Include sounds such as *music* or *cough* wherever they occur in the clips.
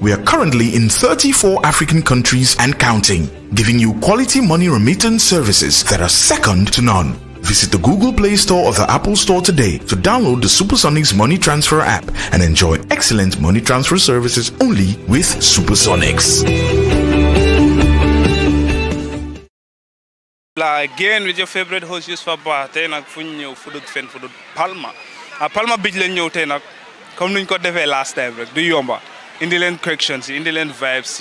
we are currently in 34 African countries and counting, giving you quality money remittance services that are second to none. Visit the Google Play Store or the Apple Store today to download the Supersonics Money Transfer app and enjoy excellent money transfer services only with Supersonics. Again with your favorite host Youssoupha Ba tey nag fu ñu fudut Palma ah, Palma Beach lañ ñëw tey nag last time do you remember? Indolent Corrections, Indolent Vibes,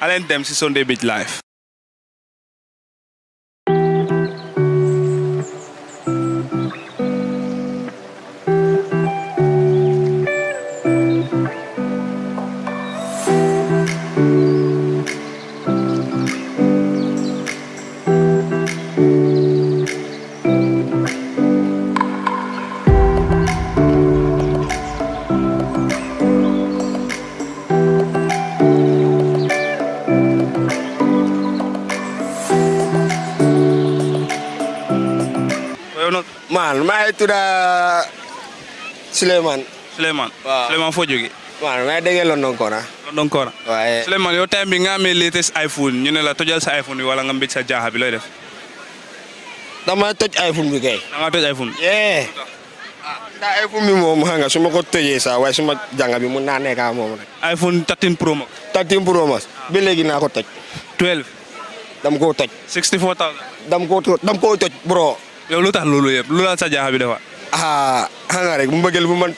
and then them see Sunday Beat life. tuddaa Souleymane. Souleymane waaw Souleymane foo jógee. waaw maa ngi London Kora. London Kora. time bi nga amee latest iPhone ñu ne la tojal sa iPhone bi wala nga mbéj sa jaaxa bi looy def. dama toj iPhone bi kay. da ngaa ah, bi moom xam nga ko tojee sax waaye su ma bi mun naa nekkaa moom iPhone 13 Pro Max. 13 Pro Max léegi naa ko toj. 12. dam koo toj. 64 koo dam koo yow lu tax lulu ya, lu la sa habis bi pak. ah xanaa rek mu buman bu man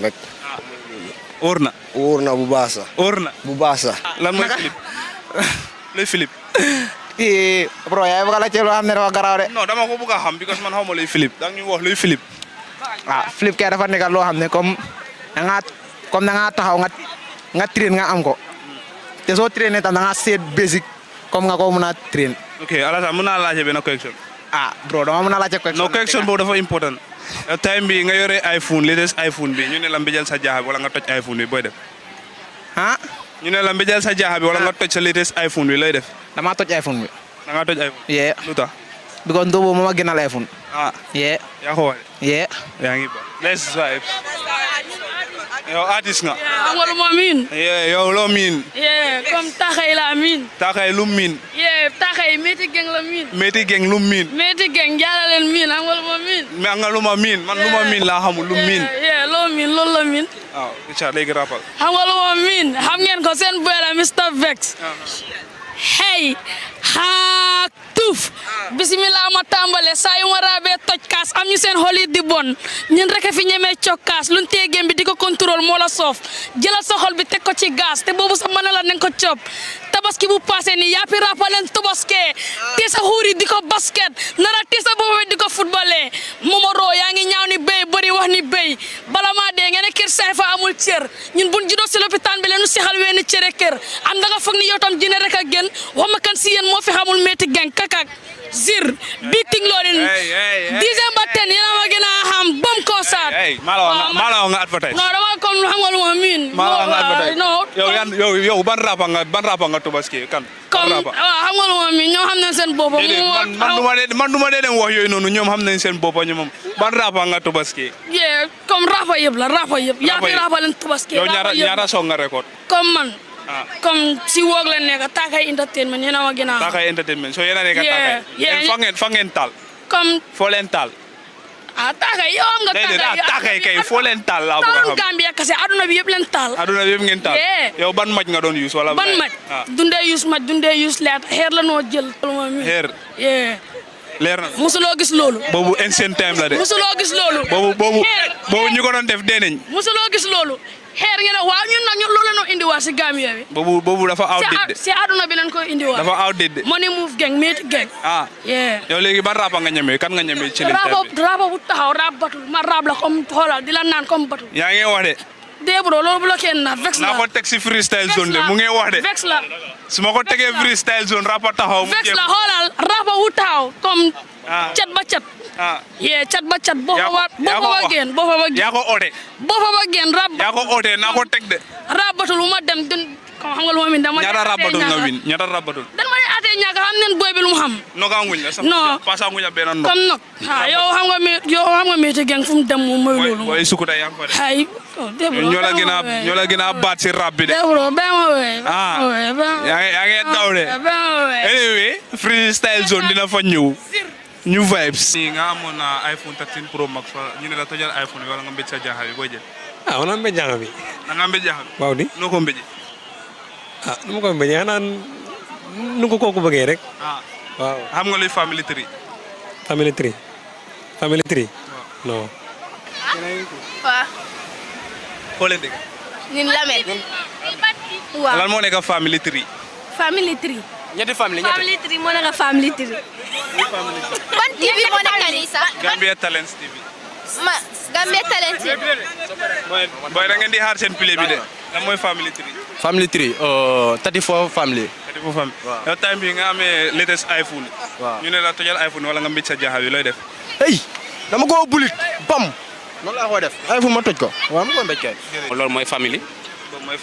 rek. wóor orna, bubasa. na bubasa lalu Philip wóor *laughs* Philip bro ya, bëgg a laajte loo xam ne no garaaw de. non because man mau lalu Philip Philippe nyuwah lalu Philip ah Philip kira dafa nekk loo xam ne kom, kom kom tahu da ngat, ngat train ngat amko. jadi so train itu tam da basic kom nga kom mën train. oke, alasan mana alasan laajte benn question. ah bro dama mën a laajte question. non question boobu dafa important. time bi nga yore iPhone li des iPhone bi ñu ne la mbéjal sa jaaxa bi wala nga toj iPhone bi booy def. ah. ñu ne la mbéjal sa jaaxa bi wala nga ah. toj sa li des iPhone bi looy def. damaa toj iPhone bi. da ngaa toj iPhone. yee lu tax. because moom a gënal iPhone. Ah. yee. yaa ko yee. yaa ngi yo artist nga. xam nga lu ma yo lo min yeah comme taxay la min taxay lu min yeah taxay meti geng la min meti geng lu min meti geng jaala leen miin xam nga lu ma miin. mais nga lu ma miin man lu ma min la xamul lu min yeah lo min lo lo min aw allah léegi rappal. xam nga lu ma miin xam ngeen ko sen boy Mr Vex. Ah. hey ha tuf ah. bismillah ma tambale saa yu ñu seen xol yi di bon ñun rek a fi ñemee cokkaas luñ tee gém di ko contrôle moo la soof jëlal sa xol bi teg ko ci gaas te boobu sa mën a la nañ ko coob tabaski bu passé ni yaa pi rappaleen tobaskee te sa xuur yi di ko basket nara te sa boobu di ko footballee momoroo yaa ngi ñaaw ni béy bëri wax ni béy bala maa dee ngeen ne kër saay fa amul cër ñun buñ juddoo si lopitaan bi leenu sixal weeni cëre kër am da nga ni yow tam jine rek a gën wax kan si yéen moo fi xamul metti zir biting loolin dixième ba ten yéen a ma gën a xam ko saat maa la wax advertise non dama comme xam nga ma miin maa la wax nga advertise non yow yow ban rapa nga ban kan comme waaw xam lu ma miin ñoom xam nañ seen bopp man duma dee dem wax yooyu noonu ñoom xam nañ seen bopp ñoom ban rapa nga tubaski comme rapa yëpp la rapa yëpp yaati rapa leen tubaski yow ñaata song nga record comme si woog la nekk Taakai entertainment yéen a ma a. Taakai entertainment soo yéen a nekk Taakai. yéen fa ngeen taal. comme foo leen taal. a ah, Taakai yow nga. Taakai ah, kay ah, foo leen taal a xam. Gambia kese aduna bi yëpp leen taal. aduna bi taal. yow ban maj nga doon use wala. ban maj dundee use maj dundee use leet xeer la noo jël. xeer. leer na musuloo gis loolu. boobu ancient time la de. musuloo gis loolu. boobu boobu boobu ñu ko doon def dee nañ. musuloo gis loolu. xeer ngeen ne ñu loolu la ñu si Gambia bi. boobu boobu dafa outdated de. si àdduna bi lañ koy indiwaat. dafa outdated de. money move gang meet gang. ah. yow léegi ban rap nga ñeme kan nga ñeme ci. rap bu taxaw rap batul ma rap la comme xoolal di la naan comme batul. yaa ngi wax de. débro loolu bu la na vex la naa ko teg si freestyle zone de mu ngi wax de vex la su ma ko tegee freestyle zone rapa taxaw vex la xoolal rapa wu taxaw comme ah. chat ba cat ah. yee chat ba chat boo fa ba boo fa ba génn boo fa ba génn yaa ko oote boo fa ba génn rab yaa ko oote naa ko teg de rabatul ma dem dun xam nga lu min dama ñaata rabatul nga win ñaata rabatul dan ma ne atee ñaaka xam nen booy bi lu mu xam nogaa nguñ la sax pasa nguñ a benn ndox comme nag yow xam nga métier gang fu mu dem moom mooy loolu. mooy sukuta yaa ngi fa de. ay oh, déglu ñoo la gën a ñoo la gën baat si rap bi de. déglu ben ma we ah ya ngi yaa daw de. bẹ́ẹ̀ ma wee. anyway freestyle zone dina fa ñew ñu vibes. nga amoon na iPhone 13 Pro Max wala ñu ne la tojal iPhone wala nga mbé ci jaaxa bi booy jël. ah wala mbé jaaxa bi. nga mbé jaaxa bi. waaw di noko mbé ah nu ma ko mbéjee nan nu ko kooku bëggee rek. ah waaw xam nga luy family tree. family tree family tree. No. waaw. foo leen dëkk. ñun family tree. family tree. family family tree moo nekk family tree. TV moo nekk nii sax. Gambia TV. Gambia Talents TV. Baik, booy Yang ngeen di pilih. seen pile family tree. oh, thirty family. Uh, thirty four family. waaw time latest iPhone. waaw ñu ne iPhone Walang nga mbëj sa dama ko bulit bam noonu laa koy def xëy fu ma toj ko waaw ma koy mbéj kay. loolu mooy famille. boobu mooy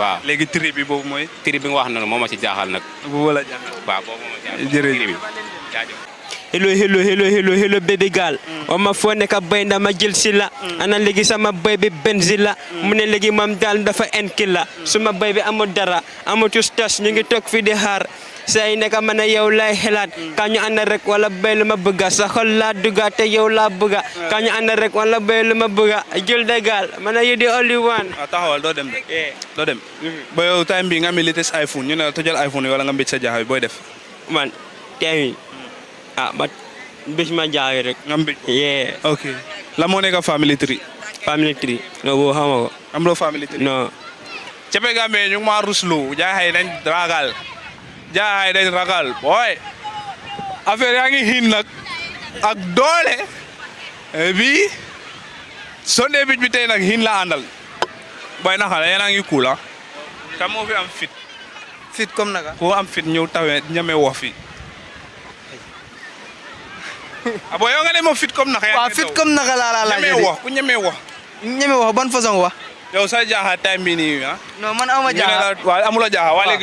waaw léegi tri bi boobu mooy. tri bi nga wax noonu moom ma ci jaaxal nag. bu wala jaaxal. waaw boobu moo ma jaaxal. hello hello hello hello hello baby girl mm. o ma foo ka bay ndama ma jël sila mm. ana legi sama baby bi benzi la mam dal dafa enkilla mm. suma baby bi dara dara tu stas ñu ngi tok fi di har say nekk man yow lay helat ka ñu and rek wala bay luma bëgg sa xol la duga te yow la bëgg ka ñu and rek wala bay luma bëgg jël de gal man yu di only one ah, taxawal do dem de dem mm-hmm. bo yow time bi nga mi latest iPhone ñu ne la jël iPhone wala nga mbéj sa boy def man tey ah ba bés ma jaay rek. nga mbéj yee. ok la moo family tree. family tree. non boobu xam nga ko. family tree. non. Cepe Gambe ñu ngi maa ruslu jaaxay nañ ragal jaaxay nañ ragal booy affaire yaa ngi xiin nag ak doole eh, bi Sunday Beach bi tey nag xiin la àndal booy na xale yéen ngi kuula. Ah. kam fi am fit. fit comme naka. ku am fit ñëw tawe fi. ah booy nga ne moom fit comme naka. waaw fit comme naka laa ban façon wax. yow sa jaaxa time bii nii ah. non man aw ma jaaxa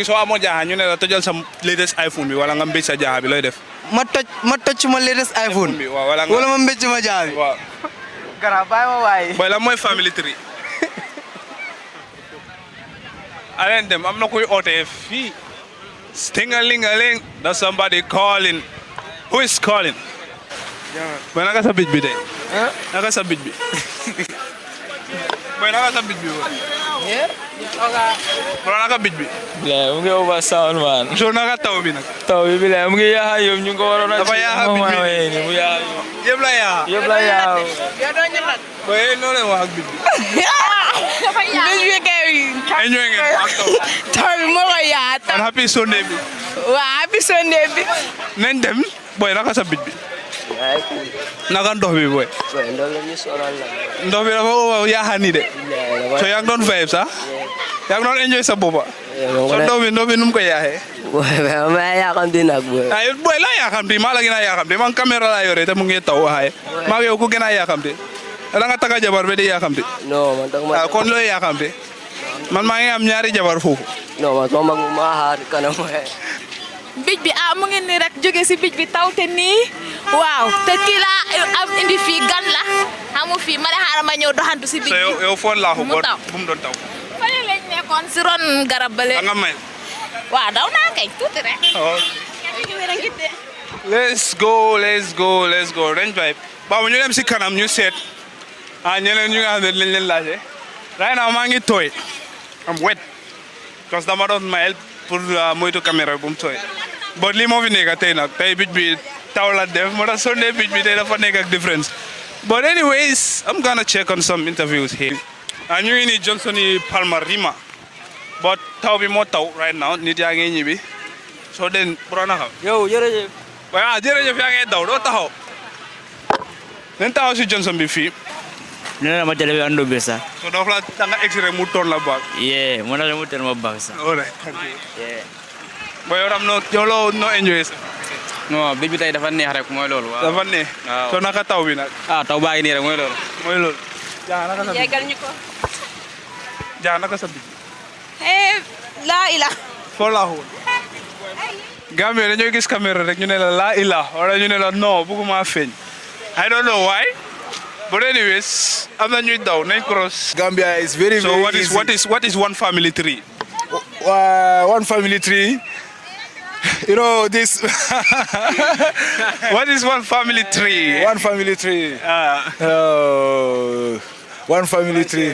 soo amoo jaaxa ñu ne la tojal sa latest iPhone bi wala nga mbéj sa jaaxa bi looy def. ma toj ma latest iPhone. wala nga wala ma mbéj bi. waaw. garab ma waaye. booy la mooy family tree. Alain *laughs* Deme am na kuy oote fii. Stingalingaling. That's somebody calling. Who is calling? jangan. naka sabit bi deh. naka sabit bi. mooy naka sabit bi woon. mooy naka bij bi. bilaay Mungkin over sound man. so naka bi nag. bi bilaay Mungkin ya yaaxa mungkin kau ngi ko waroon a. dafa bi mu yaaxa yow. yëpp la yaaxa. yëpp la yaaxa. mooy yéen noonu wax bi. bi kay. enjoy ngeen ak taw. taw bi moo happy Sunday bi. waaw happy Sunday bi. bi naka kan doh Dobi boy doh bi rafa ñu oh, ya hani de. so yang don vibes ah? Yang don enjoy sa boba so doh bi doh bi num ko yaaxee. booy ma yaaxamti nag boy ay ah, ya kan bi ma la gën kan bi man caméra laa yore te mu ngi taw waaye. maa yow ku ya kan bi nga jabar ya kan bi no man tax ma. kon kan bi man am ñaari jabar fu? No mantap. sama mag ma he. bij bi ah ngi nii rek si bij bi taw te nii waaw te kii am indi fii gan la xamu fii ma ne xaaral ma si bij bi taw bu mu doon taw fële si ron garab ba léegi da nga oh, let's go let's go let's go Range Vibe baaw ñu dem si kanam ñu seet ah ñeneen ñu nga xam ne lañ leen laaje right now maa ngi tooy am wet parce que dama doon mayel pour ah, moytu caméra bu mu tooy But lii moo fi nekk tey nag tey bij bi taw la def moo tax soo nee bij difference but anyways I'm gonna check on some interviews here. ñu ngi in Johnson yi Palmarima but taw bi moo taw right now nit yaa ngi ñibbi soo den bro na xam. yow jërëjëf. waaw ah, jërëjëf yaa ngi daw doo taxaw. nañ taxaw si Johnson bi fii. ne la ma télé bi ando be sa. so doo fa la tanga extrait mu toon la baag. yeah mu ne la mu toon ma baag sa. all right thank you. yeah. booy yow tam noo yow loo noo enjoy sa. non bi dafa neex rek mooy loolu. waaw dafa neex. waaw soo naka taw bi nag. ah taw baa ngi nii rek mooy loolu. mooy loolu. jaa naka sa bi yegal ñu laa ila. foo laa xool. Gambie dañoo gis caméra rek ñu ne la laa ila wala ñu ne la non bëgguma feeñ. I don't know why. But anyways, I'm not new down. Nine cross. Gambia is very, so very what what is one family tree? one family tree you know this. *laughs* what is one family tree? One family tree. Ah. Oh, one family tree.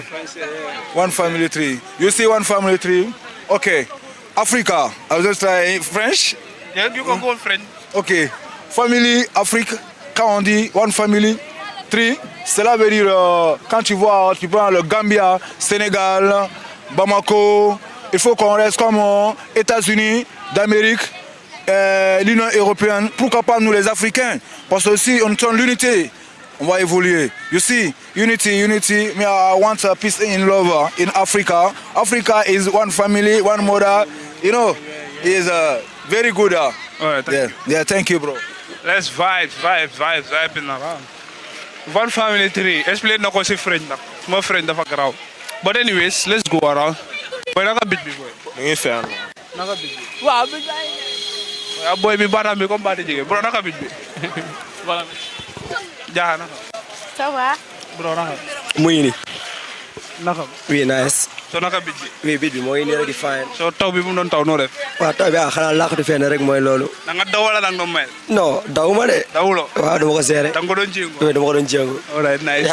One family tree. You see one family tree? Okay. Africa. I was just trying French. Yeah, you can go French. Okay. Family Africa, Quand on dit one family, tree, cela veut dire euh, quand tu vois, tu prends le Gambia, Sénégal, Bamako, il faut qu'on reste comme aux euh, États-Unis d'Amérique, euh, l'Union européenne, pourquoi pas nous les Africains Parce que si on tient l'unité, on va évoluer. You see, unity, unity, me I want a peace in love uh, in Africa. Africa is one family, one mother, you know, is uh, very good. Uh. thank yeah. You. yeah, thank you bro. Let's vibe, vibe, vibe, vibe in around. One family tree, explain no ko friend My friend dafa graw. But anyways, let's go around. Boy, naka bit boy. Ngi big Naka bit. boy mi baram mi ko bati jige bro naka bit bi baram jaha naka ça va bro naka muy ni naka wi nice so naka bit bi wi bit bi moy ni rek fine so taw bi mu don taw no def wa taw bi xala di fen rek moy lolu da nga daw wala dang mel no daw ma de dawlo wa do ko sere da nga don jengo do ko don jengo all right nice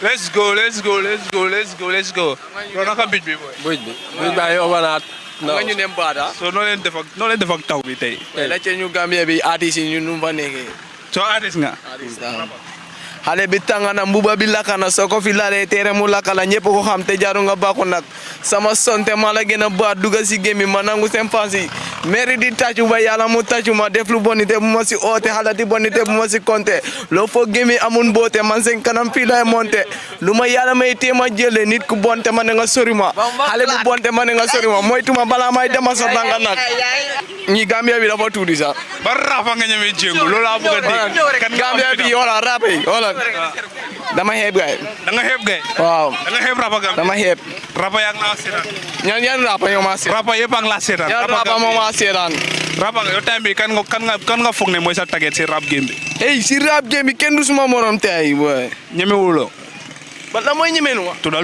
Let's go, let's go, let's go, let's go, let's go. Bro, naka bit bi boy. Bit bi. Bit bi yo banat. nga ñu ne Mbada. soo noo leen def ak noo taw bi tey. tey eh, la ñu Gambie bi artiste yi ñu nu mu fa nekkee. soo artiste nga. artiste ale bitanga na mbuba bila kana soko filale tere mula kala nyepo ko hamte jarunga bako nak sama sonte mala gena ba duga si gemi manangu sempansi meri di tachu ba yala mu tachu ma def lu bonite bu masi ote halati bonite mo masi konte lo fo gemi amun bote man sen kanam filay e monte luma yala may tema jele nit ku bonte man nga ma ale bu bonte man nga sorima moytuma bala may dama sa tanga nak ñi gambia bi dafa tuudi sa ba rafa nga ñeme jengu lola bu ga di kan gambia bi wala rape wala dama heb gay. da heb gay. wow, waaw da nga rapa gam dama heb, rapa yang ngi yang yang ñan ñan rapa ñoo ma seetaan rapa yang a ngi la seetaan rapa rapa ma rapa yow time bi kan nga kan nga kan nga foog ne mooy sa si rap game bi hey si rap game bi kenn du suma morom tey boy ñemewuloo ba la mooy ñemenu wa tur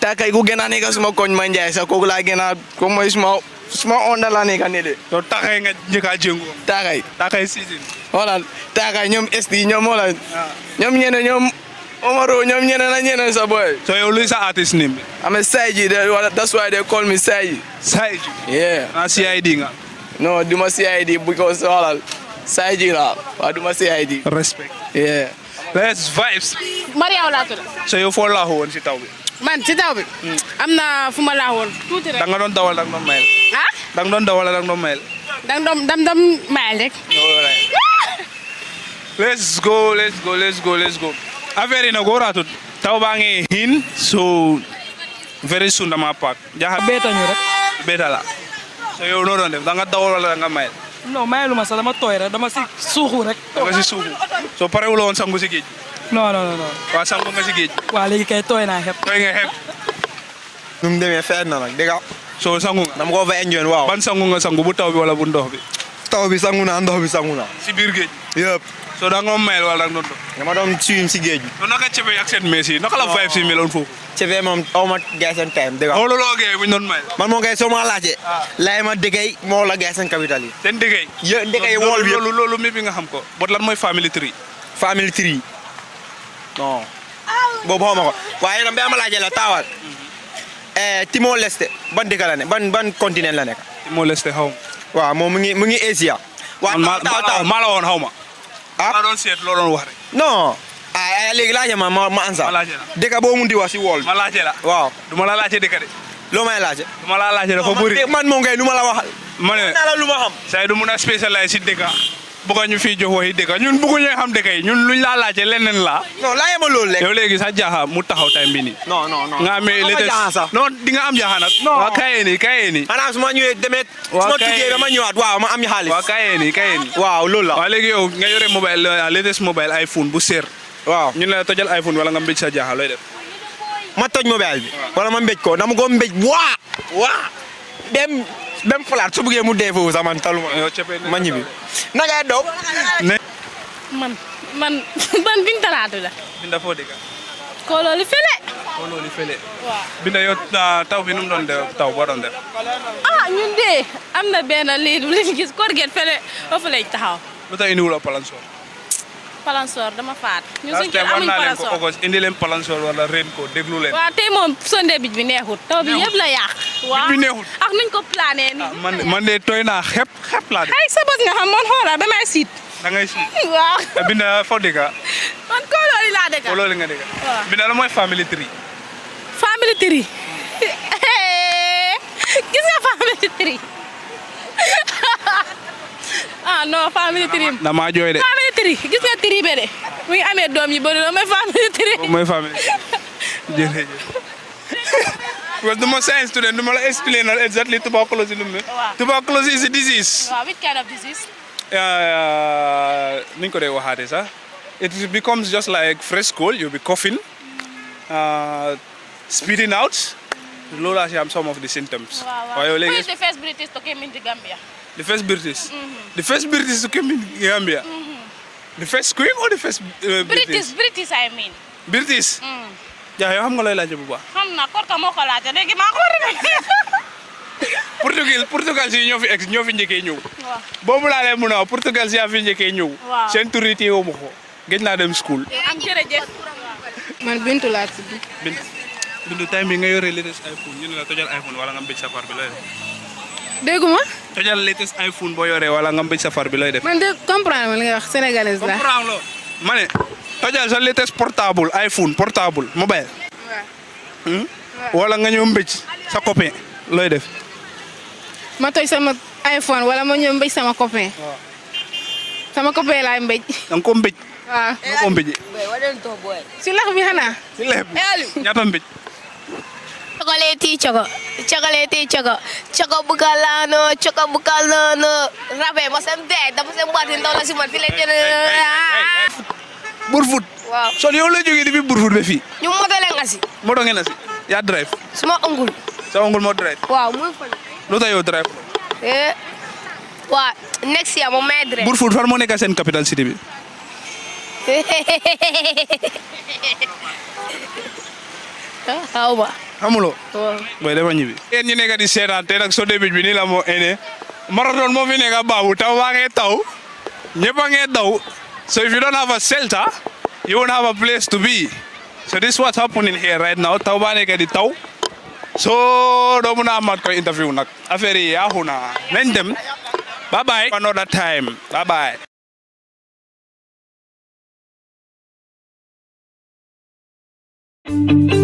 takay ku gën a kasih suma koñ ma so sa lagi laa gën mau ko mooy suma suma onda la ne kanele to takay nga jeka jengu takay takay season wala takay ñom SD ñom wala ñom ñene ñom Omaro ñom ñene na ñene sa boy so yow luy sa artist name am Saiji that's why they call me Saiji Saiji yeah na CID nga no duma CID because wala Saiji la wa ah, duma CID respect yeah Let's vibes. Maria wala tuda. So you for lahon si tawbi. Man si tawbi. Hmm. Amna fuma lahon. Tuti Da nga don dawal nak non mel dang don dawala dang don mel Dang dom dam dam mel rek. let's go, let's go, let's go, let's go. Affaire na gora tut. Taw bangi hin so very soon pak mapak. ha beta ñu rek. Beta la. So yo no don def dang dawala dang mel No, mile ma dama toy rek, dama si suhu rek. Dama si suhu. So pare wu on sangu si No, no, no, no. Wa sangu nga si gej. Wa legi kay toy na hep. Toy nga hep. Num demé fer nak, so sangu nga. dama ko fa enjoy waaw. ban sangu nga sangu bu taw bi wala bu ndox bi. taw bi sangu na ndox bi sangu na si biir géej. yëpp. soo da nga mayel wala da nga doon doon. dama si géej bi. soo naka cëfee ak si meloon foofu. aw ma gaay seen time dëgg la. ma laajee. Ah. laay ma dëggay moo la gaay seen yi. seen dëggay. yë dëggay wol bi loolu loolu mi bi nga xam ko. bot lan mooy family tree. family tree. non. boobu xaw ma ko waaye nag bi ma la taawal. Eh, Timor Leste ban dëkk la ne ban ban continent la nekk. Timor Leste xaw ma. waaw moom mu ngi mu ngi Asia. waaw maa la woon xaw ma. ah maa doon seet loo doon wax rek. non. ah, ah léegi laajte ma ma ma ansa. ma laajte la dëkk boo mun di wax si wool ma laajte la waaw. du ma la laajte dëkk de. loo may laajte. du ma la man moom kay ma la wax ma ne. naa la lu ma xam. saa yi du a spécialisé si dëkk bëgg ñu fii jox waxi dëkk ñun bëgguñu xam dekay ñun luñ la laajte lenen la non yema yemal lek yow legi sa jaha mu taxaw tay mbini non non non nga le léegi non di nga am jaha nak wa kayé ni kayé ni ana suma ma ñëwee suma su ma dama ñëwaat waaw ma am ñu xaalis waa kaye nii kaye nii waaw loolu la wa legi yow nga yoré mobile uh, latest mobile iphone bu ser waaw ñu la tojal iphone wala nga mbéj sa jaha loy def ma toj mobile bi wala ma mbéj ko dama go mbéj wa wa dem dem falaat su buggee mu dee foofu sax man taluma ma ñibbi na ngay daw man man *laughs* man Binta laa foo dëkk Fele Binta yow ah, taw bi nu doon taw boo doon def ah ñun de am na benn lii lu ñu gis korget fele foofu lañ taxaw lu palansoor dama faat. ñun suñu palansoor wala reen ko déglu leen. waaw moom sonde bij bi neexut. taw bi neexut ak nuñ ko plané nii. Ah, man man de tooy laa de. ay sa bës nga xam man xoolal damay siit. da siit *laughs* eh, waaw. Binda foo dëkk man Kóolóoli laa dëkk. Binda la mooy family tree. family tree. *laughs* gis nga family tree *laughs* ah non family tree. damaa jooy de. tiri gis nga tiri be de mu ngi amee doom yi bëri mooy famille tiri. mooy famille jërëjëf. parce que du ma science student du ma la expliquer na exactly tuberculosis lu mu ne. waaw tuberculosis is a disease. waaw which kind of disease. Uh, uh, ni ñu ko dee waxaatee sax it becomes just like fresh cold you be coughing uh, spitting out loolu laa si am some of the symptoms. waaw yow léegi the first British to came into Gambia. the first British. Mm-hmm. the first British to came into Gambia. Mm-hmm. the first scream or the first uh, British? British? British, I mean. British? Mm. Ya, yow xam nga lay laajte bu baax. Xam naa korka moo ko laajte léegi maa ko Portugal Portugal si ñoo fi ex ñoo fi njëkkee ñëw. waaw boobu laa leen Portugal si yaa fi njëkkee ñëw. waaw seen tur yi téyewu dem school. E, am jërëjëf. man Bintu laa tudd. Bintu time bi nga e yore li iPhone ñu ne la tojal iPhone wala nga mbëj sa par bi lay dégguma tojal latest iPhone boo yoree wala nga mbëj safar bi looy def man de comprendre ma li nga wax sénégalais la comprendre loo ma tojal sa latest portable iPhone portable mobile hmm? wala nga ñëw mbëj sa copain looy def ma toj sama iPhone wala ma ñëw mbëj sama copain sama copain laay mbëj da nga ko mbëj waaw nga ko mbëj si lex bi xanaa si lex bi eh, ñaata mbëj chocolate choco chocolate choco choco bukalano choco bukalano rabe sem de da mosem buatin taw la ci mo fi lay jëne burfut waaw sol yow la joge debi burfut be fi ñu modele nga ci modo ngena ci ya drive suma ongul sa ongul mo drive waaw muy fa lu tayo drive eh wa next year mo may drive burfut far mo nekka sen capital city bi xaw ma. amuloo. waaw booy te nag Sodé Beach bi nii marathon moo fi nekk baabu taw baa ngee taw ñëpp a ngee daw so if you don't have a shelter you won't have a place to be so this is what's happening here right now taw baa di taw so do mun a amaat interview nak affaire yi yaaxu na nañ dem bye bye another time bye bye Thank you.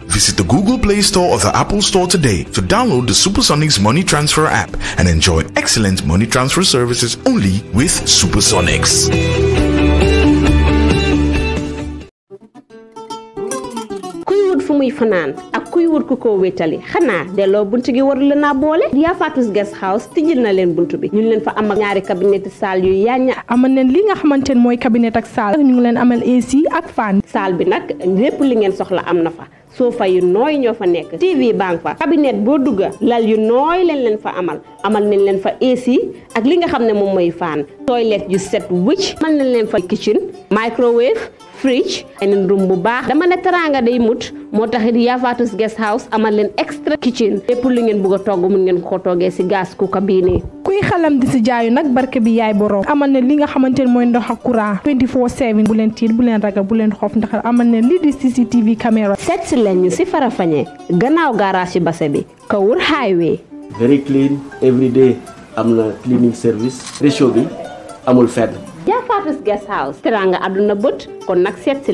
Visit the Google Play Store or the Apple Store today to download the Supersonics Money Transfer app and enjoy excellent money transfer services only with Supersonics. kuy wut fu muy fanaan ak kuy wut ku ko wétali xanaa delloo bunt gi waru la bole. boole Yafatus Guest House tijjil na leen bunt bi ñu leen fa am ak ñaari cabinet salle yu yaañña amal neen li nga xamante ne cabinet ak salle ñu ngi leen amal AC ak fan salle bi nag lépp li ngeen soxla am fa soofa yu nooy ñoo fa nekk TV baa ngi fa cabinet boo dugga lal yu nooy leen leen fa amal amal nañ leen fa AC ak li nga xam ne moom mooy faan toilette yu set wëcc amal nañ leen fa kitchen microwave fridge beneen bu baax dama ne teraanga day mut moo taxit Yavaatous Guest House amal leen extra kitchen lépp lu ngeen bëgg a togg mun ngeen ko toggee si gaz cooker bii nii kuy xalam di si jaayu nag barke bi yaay borom amal ne li nga xamante ne mooy ndox ak courant 24/7 bu leen tiit bu leen ragal bu leen xoof ndax amal ne lii di CCTV caméra seet si leen ñu si Farafenni gannaaw garage yi base bi Kawur highway very clean every day am na cleaning service réchaud bi amul Jaafatus Guest House. teraanga àdduna bët kon nag seet si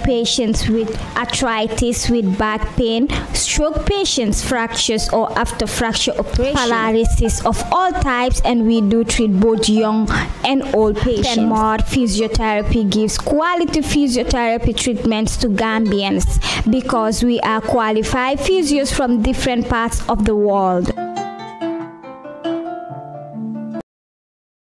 patients with arthritis, with back pain, stroke patients, fractures or after fracture operation, paralysis of all types, and we do treat both young and old patients. Denmark Physiotherapy gives quality physiotherapy treatments to Gambians because we are qualified physios from different parts of the world.